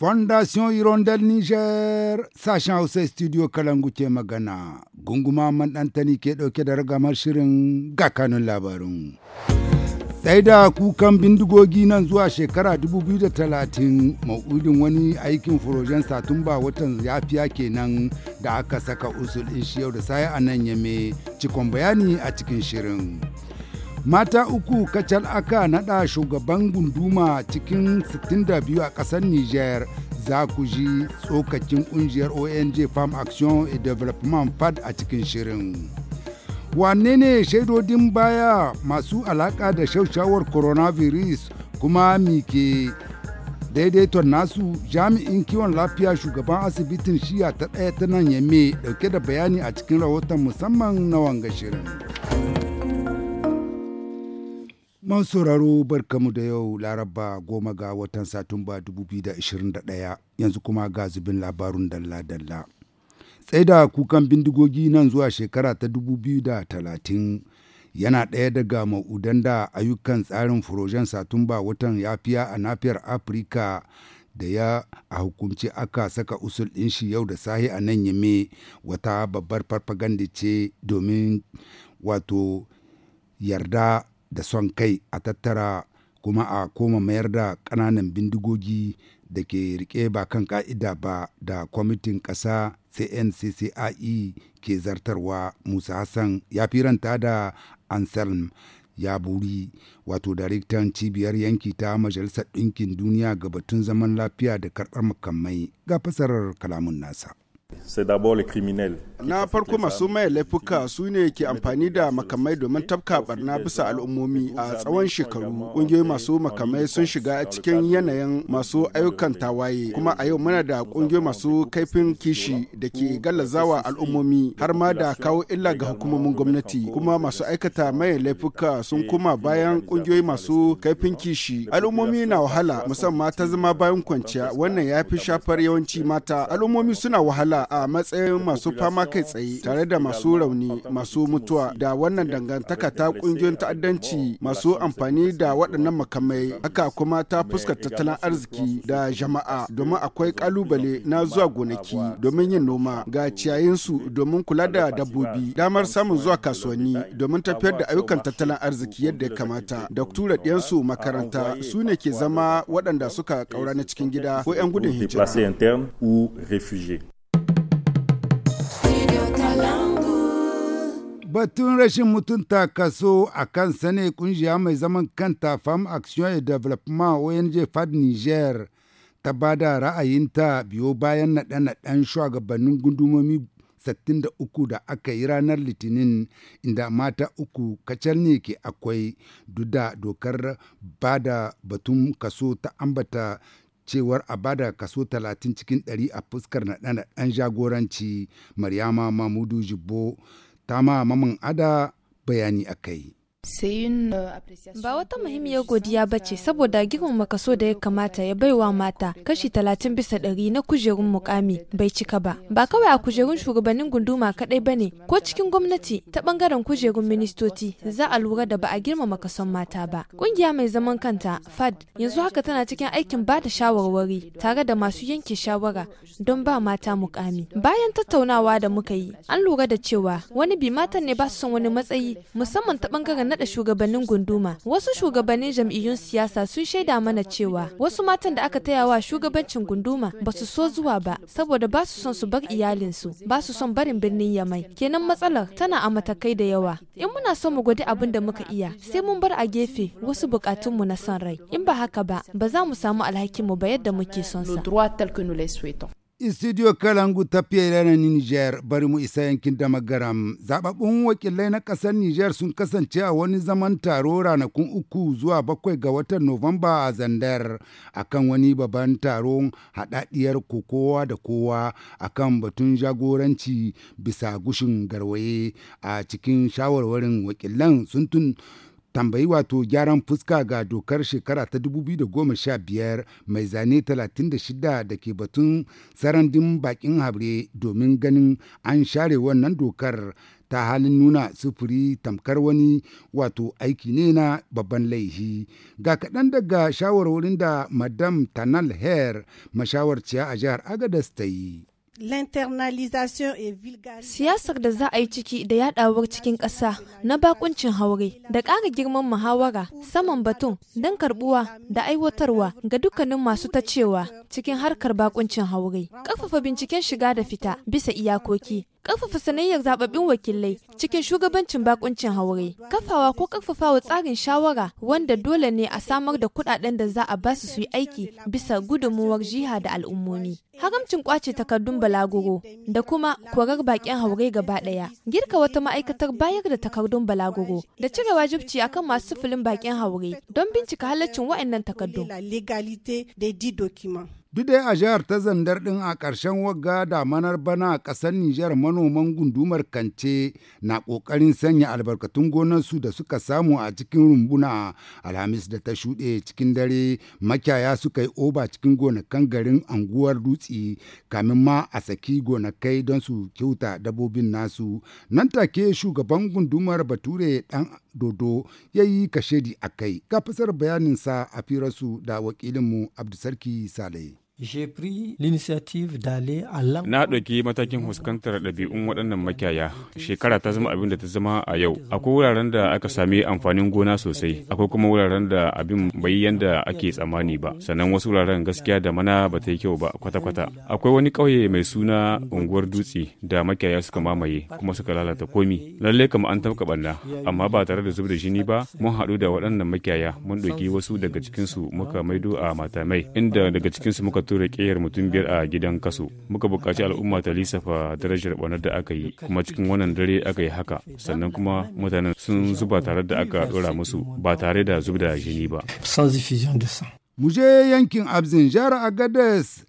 Fondation Hirondelle Niger sashen Hausa Studio Kalangu ke magana, gunguma man ɗantani ke ɗauke da ragamar shirin ga kanun labarin. Sai da kukan bindigogi nan zuwa shekara 2030 ma'udin wani aikin furojen Satumba watan yafiya kenan da aka saka usul shi yau da sai a nan yame, cikon bayani a cikin shirin. Mata uku kacal aka naɗa shugaban gunduma cikin 62 a ƙasar Nijar za ku ji tsokacin ƙungiyar ONG Farm Action and Development FAD a cikin shirin. Wanne ne shaidodin baya masu alaƙa da shaushawar coronavirus kuma mike daidaiton nasu jami'in kiwon lafiya shugaban asibitin shiya ta ɗaya ta nan yame ɗauke da bayani a cikin rahoton musamman na wanga shirin. Man sauraro barkamu da yau Laraba goma ga watan Satumba 2021 yanzu kuma ga zubin labarun dalla-dalla. da kukan bindigogi nan zuwa shekara ta 2030 yana ɗaya daga ma'udan da ayyukan tsarin furojen Satumba watan yafiya a nafiyar Afirka da ya a hukunci aka saka usul ɗin shi yau da sahi a nan yame wata babbar farfaganda ce domin wato yarda da son kai a tattara kuma a koma mayar da ƙananan bindigogi da ke rike ba kan ka'ida ba da kwamitin ƙasa cnccie ke zartarwa musa hassan ya firanta da anselm ya buri wato daraktan cibiyar yanki ta majalisar ɗinkin duniya ga batun zaman lafiya da karɓar makamai ga fasarar kalamun nasa Na farko masu mai laifuka su ne ke amfani da makamai domin tafka barna bisa al'ummomi a tsawon shekaru. Ƙungiyoyi masu makamai sun shiga cikin yanayin masu ayyukan tawaye kuma a yau muna da ƙungiyoyi masu kaifin kishi da ke gallazawa al'ummomi har ma da kawo illa ga hukumomin gwamnati kuma masu aikata mai laifuka sun kuma bayan ƙungiyoyi masu kaifin kishi. Al'ummomi na wahala musamman ta zama bayan kwanciya wannan ya fi shafar yawanci mata. Al'ummomi suna wahala a matsayin masu fama kai tsaye tare da masu rauni masu mutuwa da wannan dangantaka ta ƙungiyoyin ta'addanci masu amfani da waɗannan makamai haka kuma ta fuskar tattalin arziki da jama'a domin akwai ƙalubale na zuwa gonaki domin yin noma ga ciyayinsu domin kula da dabbobi damar samun zuwa kasuwanni domin tafiyar da ayyukan tattalin arziki yadda ya kamata da tura ɗiyansu makaranta su ne ke zama waɗanda suka ƙaura na cikin gida ko 'yan gudun hijira. Batun rashin mutunta kaso a kan sane kungiya mai zaman kanta Farm Action and Development ONG FAD Niger ta ba da ra'ayinta biyo bayan naɗe-naɗen shugabannin gundumomi 63 da aka yi ranar litinin inda mata uku kacal ne ke akwai duk da dokar ba da batun kaso ta ambata cewar a bada kaso 30 cikin 100 a fuskar naɗe-naɗen jagoranci Maryama Mamudu Jibbo ta ma maman ada bayani a kai. Uh, ba wata muhimmiyar godiya ba ce saboda girmama kaso da ya kamata ya baiwa mata kashi talatin bisa ɗari na kujerun mukami bai cika ba. Ba kawai a kujerun shugabannin gunduma kaɗai ba ne ko cikin gwamnati ta bangaren kujerun ministoci za a lura da ba a girmama kason mata ba. Ƙungiya mai zaman kanta FAD yanzu haka tana cikin aikin ba da shawarwari tare da masu yanke shawara don ba mata mukami. Bayan tattaunawa da muka yi an lura da cewa wani bi matan ne ba su son wani matsayi musamman ta ɓangaren naɗa shugabannin gunduma. Wasu shugabannin jam'iyyun siyasa sun shaida mana cewa wasu matan da aka taya wa shugabancin gunduma ba su so zuwa ba saboda ba su son su bar iyalinsu, ba su son barin birnin Yamai. Kenan matsalar tana a matakai da yawa. In muna son mu gwada abin da muka iya, sai mun bar a gefe wasu bukatunmu na son rai. In ba haka ba, ba za mu samu alhakinmu ba yadda muke son sa. Studio Kalangu ta fiye Nijar bari mu isa yankin da magaram. Zababbun wakilai na ƙasar Nijar sun kasance a wani zaman taro ranakun uku zuwa bakwai ga watan Nuwamba a Zandar akan wani babban taron haɗaɗiyar kokowa da kowa akan batun jagoranci bisa gushin garwaye a cikin shawarwarin wakilan sun tambayi wato gyaran fuska ga dokar shekara ta 2015 mai zane 36 da ke batun sarandin bakin habre domin ganin an share wannan dokar ta halin nuna sufuri tamkar wani wato aiki ne na babban laihi ga kaɗan daga shawarwarin da madam tanal hair mashawarciya a jihar agadas ta yi Siyasar da za a yi ciki da yaɗawar cikin ƙasa na bakuncin haure da ƙara girman muhawara saman batun don karɓuwa da aiwatarwa ga dukkanin masu ta cewa cikin harkar bakuncin haure. Ƙarfafa binciken shiga da fita bisa iyakoki Ƙarfafa sanayyar zababbin wakilai cikin shugabancin bakuncin haure, kafawa ko ƙarfafawa tsarin shawara wanda dole ne a samar da kuɗaɗen da za a ba su yi aiki bisa gudunmuwar jiha da al'ummomi. Haramcin kwace takardun balaguro da kuma korar baƙin haure gaba ɗaya, girka wata ma'aikatar bayar da takardun balaguro da cire wajibci akan masu filin baƙin haure don bincika halaccin waɗannan takardun. Duk dai a jihar ta zandar ɗin a ƙarshen wagga damanar bana a ƙasar Nijar manoman gundumar Kance na ƙoƙarin sanya albarkatun gonarsu da suka samu a cikin rumbuna Alhamis da ta shuɗe cikin dare makiyaya suka yi oba cikin gonakan garin anguwar dutse kamin ma a saki gonakai don su kyauta dabobin nasu. Nan take shugaban gundumar Bature ɗan Dodo ya yi kashedi a kai. Ga fasar bayaninsa a firarsu da wakilinmu sarki Saleh. Na ɗauki matakin fuskantar ɗabi'un waɗannan makiyaya. Shekara ta zama abin da ta zama a yau. Akwai wuraren da aka sami amfanin gona sosai, akwai kuma wuraren da abin bai yanda ake tsammani ba. Sannan wasu wuraren gaskiya da mana ba ta yi kyau ba kwata-kwata. Akwai wani ƙauye mai suna unguwar dutse da makiyaya suka mamaye kuma suka lalata komi. lalle kama an tafka ɓanna, amma ba tare da zub da jini ba, mun haɗu da waɗannan makiyaya mun ɗauki wasu daga cikinsu muka maido a matamai, inda daga cikinsu muka tura mutum biyar a gidan kaso muka buƙaci al'umma ta lissafa darajar ɓarnar da aka yi kuma cikin wannan dare aka yi haka sannan kuma mutanen sun zuba tare da aka ɗora musu ba tare da zubda jini ba. Mu je yankin Abzin a Agadez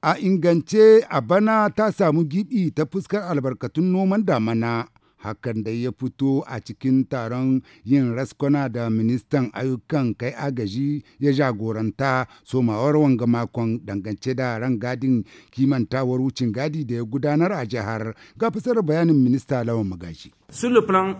a ingance a bana ta samu giɓi ta fuskar albarkatun noman damana. hakan da ya fito a cikin taron yin raskona da ministan ayyukan kai agaji ya jagoranta somawar wanga makon dangance da rangadin kimantawar wucin gadi da ya gudanar a jihar ga fasar bayanin minista lawan magaji. plan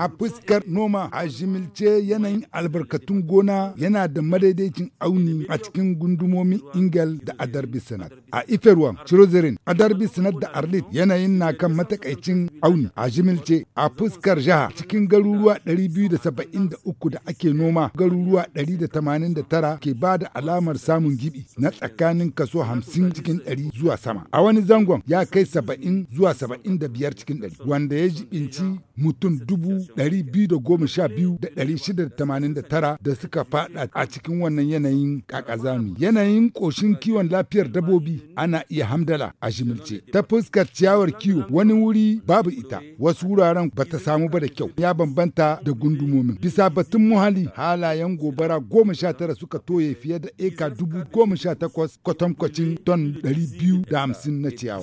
A fuskar noma a jimilce yanayin albarkatun gona yana da madaidaicin auni a cikin gundumomin Ingal da Adarbi Senat. A Iferwa, Chirozirin, Adarbi Senat da Arlit yanayin na kan matakaicin auni a jimilce a fuskar jiha cikin garuruwa 273 da ake noma garuruwa 189 ke ba da alamar samun gibi na tsakanin kaso 50 cikin 100 zuwa sama. A wani zangon ya kai 70 zuwa 75 cikin 100 wanda ya ji inci mutum dubu ɗari biyu da goma sha biyu da ɗari shida da tamanin da tara da suka faɗa a cikin wannan yanayin kakazami. Yanayin ƙoshin kiwon lafiyar dabobi ana iya hamdala a shimilce. Ta fuskar ciyawar kiwo wani wuri babu ita wasu wuraren ba ta samu ba da kyau ya bambanta da gundumomin. Bisa batun muhalli halayen gobara goma sha tara suka toye fiye da eka dubu goma sha takwas kwatankwacin ton ɗari biyu da hamsin na ciyawa.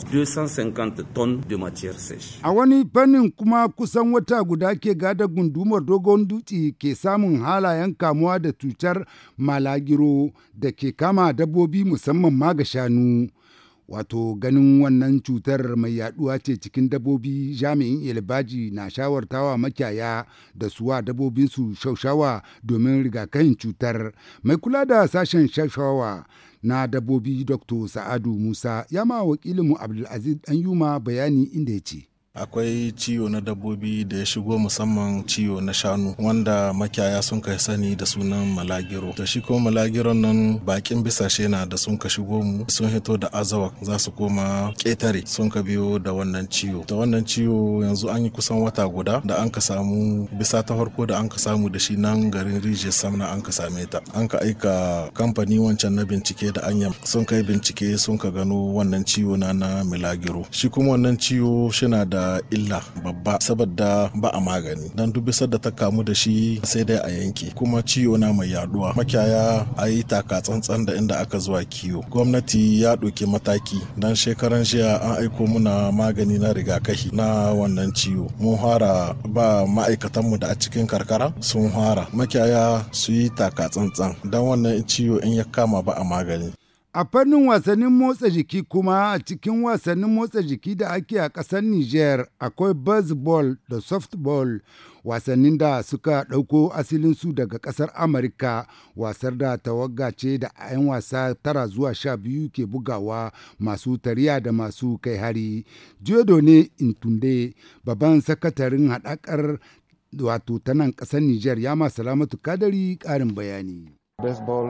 A wani fannin kuma kusan wata guda ke gada gundumar dogon dutse ke samun halayen kamuwa da cutar malagiro da ke kama dabbobi musamman ma ga shanu. wato ganin wannan cutar mai yaduwa ce cikin dabbobi, jami'in ilbaji na shawartawa makiyaya da suwa su shaushawa domin rigakafin cutar mai kula da sashen shaushawa na Dabbobi dr sa'adu musa ya ma wakilinmu abdulaziz yuma bayani inda ya ce Akwai ciwo na dabbobi da ya shigo musamman ciwo na shanu wanda makiyaya sun kai sani da sunan malagiro. Da shi kuma malagiron nan bakin bisashe na da sun ka shigo mu sun hito da azawa za su koma ketare sun ka biyo da wannan ciwo. Da wannan ciwo yanzu an yi kusan wata guda da an ka samu bisa ta farko da an ka samu da shi nan garin Rijiyar Samna an ka same ta. An ka aika kamfani wancan na bincike da anya sun kai bincike sun ka gano wannan ciwo na na milagiro. Shi kuma wannan ciwo shi na da illa babba saboda ba a magani Don duk bisa da ta kamu da shi sai dai a yanke kuma ciwo na mai yaduwa makiyaya a yi taka tsantsan da inda aka zuwa kiwo gwamnati ya ɗauki mataki Don shekaran jiya an aiko muna magani na rigakafi na wannan ciwo mun fara ba ma'aikatanmu da a cikin karkara sun fara makiyaya su yi taka tsantsan Don wannan ciwo in ya kama ba a magani A fannin wasannin motsa jiki kuma a cikin wasannin motsa jiki da ake a ƙasar Nijar akwai baseball da softball wasannin da suka ɗauko asilinsu daga ƙasar Amurka wasar da tawaga ce da 'yan wasa tara zuwa sha biyu ke bugawa masu tariya da masu kai hari. Jodo ne Intunde babban sakatarin haɗakar wato ta nan ƙasar Nijar ya ma salamatu kadari ƙarin bayani. Baseball,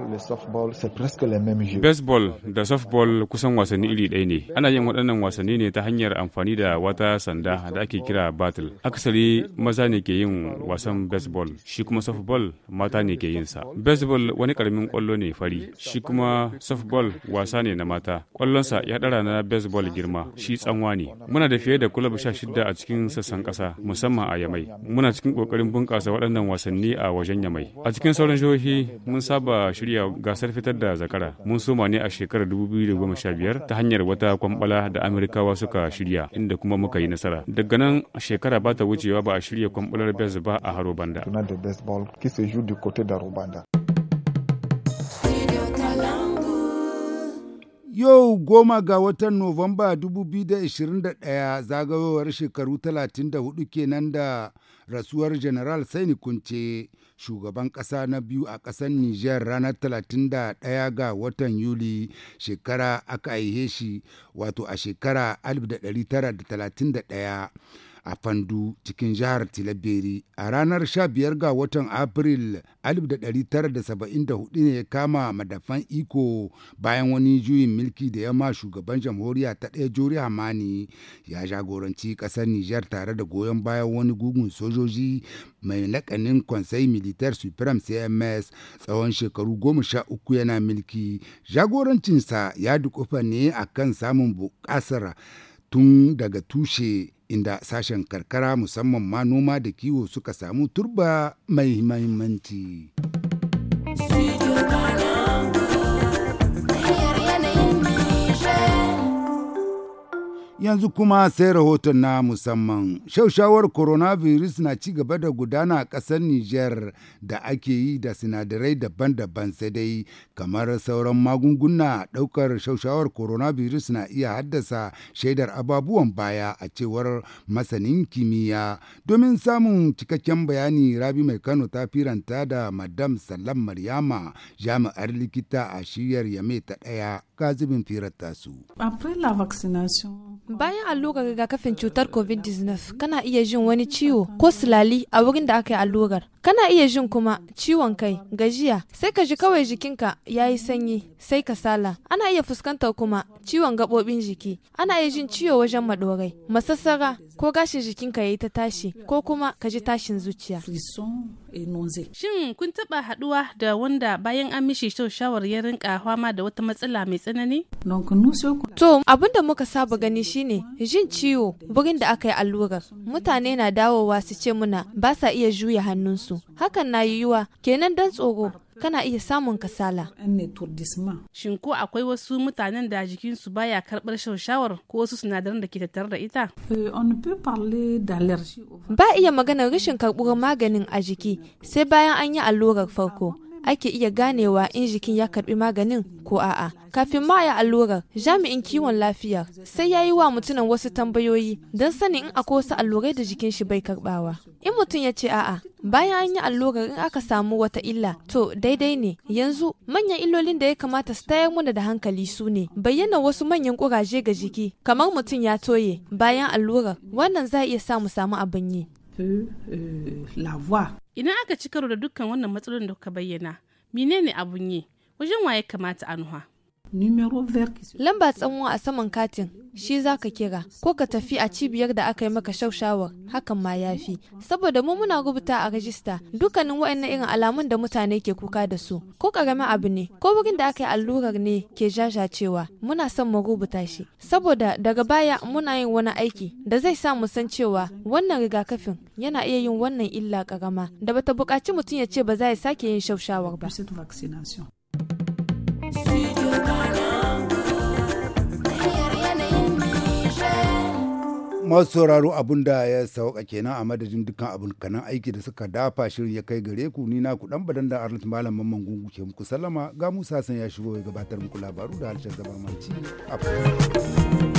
da softball kusan wasanni iri ɗaya ne. Ana yin waɗannan wasanni ne ta hanyar amfani da wata sanda da ake kira battle. Akasari maza ne ke yin wasan baseball, shi kuma softball mata ne ke yin sa. Baseball wani ƙaramin ƙwallo ne fari, shi kuma softball wasa ne na mata. Ƙwallonsa ya ɗara na baseball girma, shi tsanwa ne. Muna da fiye da kulab shida a cikin sassan ƙasa, musamman a Yamai. Muna cikin ƙoƙarin bunƙasa waɗannan wasanni a wajen Yamai. A cikin sauran jihohi mun saba saba shirya gasar fitar da zakara. Mun soma ne a shekarar biyar ta hanyar wata kwambala da Amerikawa suka shirya inda kuma muka yi nasara. Daga nan shekara ba ta wucewa ba a shirya kwambalar best ba a Harobanda. Yau goma ga watan Nuwamba 2021 zagayowar shekaru 34 kenan da rasuwar General Saini Kunce, shugaban ƙasa na biyu a ƙasar Nijar ranar 31 ga watan Yuli shekara aka aihe shi wato a shekara 1931. a Fandu cikin jihar Tilaberi a ranar 15 ga watan april 1974 ne ya kama madafan iko bayan wani juyin milki da ya ma shugaban jamhuriya ta ɗaya Jori Hamani ya jagoranci ƙasar Nijar tare da goyon bayan wani gugun sojoji mai lakanin konsai militar Supreme CMS tsawon shekaru goma sha uku yana milki jagorancinsa ya dukufa ne a kan samun buƙasar tun daga tushe inda sashen karkara musamman ma noma da kiwo suka samu turba mai mahimmanci. Yanzu kuma sai rahoton na musamman. Shaushawar coronavirus na ci gaba da gudana a ƙasar niger da ake yi da sinadarai daban-daban sai dai kamar sauran magunguna ɗaukar shaushawar coronavirus na iya haddasa shaidar ababuwan baya a cewar masanin kimiyya. Domin samun cikakken bayani Rabi Mai Kano ta firanta da Madam Salam Maryama jami'ar likita a shiryar Yame ta ɗaya kazibin firar tasu. Bayan allurar rigakafin cutar COVID-19, kana iya jin wani ciwo ko sulali a wurin da aka yi allurar. Kana iya jin kuma ciwon kai, gajiya, sai ka ji kawai jikinka ya yi sanyi, sai ka sala Ana iya fuskantar kuma ciwon gaɓoɓin jiki, ana iya jin ciwo wajen maɗorai, masassara, ko gashin jikinka yi ta tashi ko kuma ka ji tashin zuciya. Shin kun taba haduwa da wanda bayan an mishi shawar ya rinka fama da wata matsala mai tsanani? To abin da muka saba gani shine jin ciwo wurin da aka yi allurar. Mutane na dawowa su ce muna ba sa iya juya hannunsu. Hakan na yiwuwa kenan dan tsoro kana iya samun kasala. Shin ko akwai wasu mutanen da jikinsu baya karɓar shawar ko wasu sinadaran da ke tattare da ita? Euh, ba iya maganar rashin karɓuwar maganin a jiki sai bayan an yi allurar farko. ake iya ganewa in jikin ya karbi maganin ko a'a. Kafin ma ya allurar, jami'in kiwon lafiya sai ya yi wa mutumin wasu tambayoyi don sanin in akwai wasu allurai da jikin shi bai karbawa. In mutum ya ce a'a, bayan an yi allurar in aka samu wata illa, to daidai ne. Yanzu manyan illolin da ya kamata su tayar mana da hankali su ne. Bayyana wasu manyan kuraje ga jiki, kamar mutum ya toye bayan allurar, wannan za a iya sa mu samu abin yi. peu euh, Idan aka ci karo da dukkan wannan matsalolin da kuka bayyana, menene abun yi? Wajen waye kamata a nuha? Lamba tsanwa a saman katin shi za ka kira ko ka tafi a cibiyar da aka yi maka shaushawar hakan ma ya fi saboda mu muna rubuta a rajista dukkanin waɗannan irin alamun da mutane ke kuka da su ko ƙaramin abu ne ko wurin da aka yi allurar ne ke cewa muna son mu rubuta shi saboda daga baya muna yin wani aiki da zai sa mu san cewa wannan rigakafin yana iya yin wannan illa ƙarama da bata buƙaci mutum ya ce ba za ya sake yin shaushawar ba. masu sauraro abun da ya sauka kenan a madadin dukkan kanan aiki da suka dafa shirin ya kai gare ku ni ku dan badan da arnold Malam Mamman Gungu ke muku sallama ga Musa san ya shigo ya gabatar muku labaru da harshen zamanci. Afirka.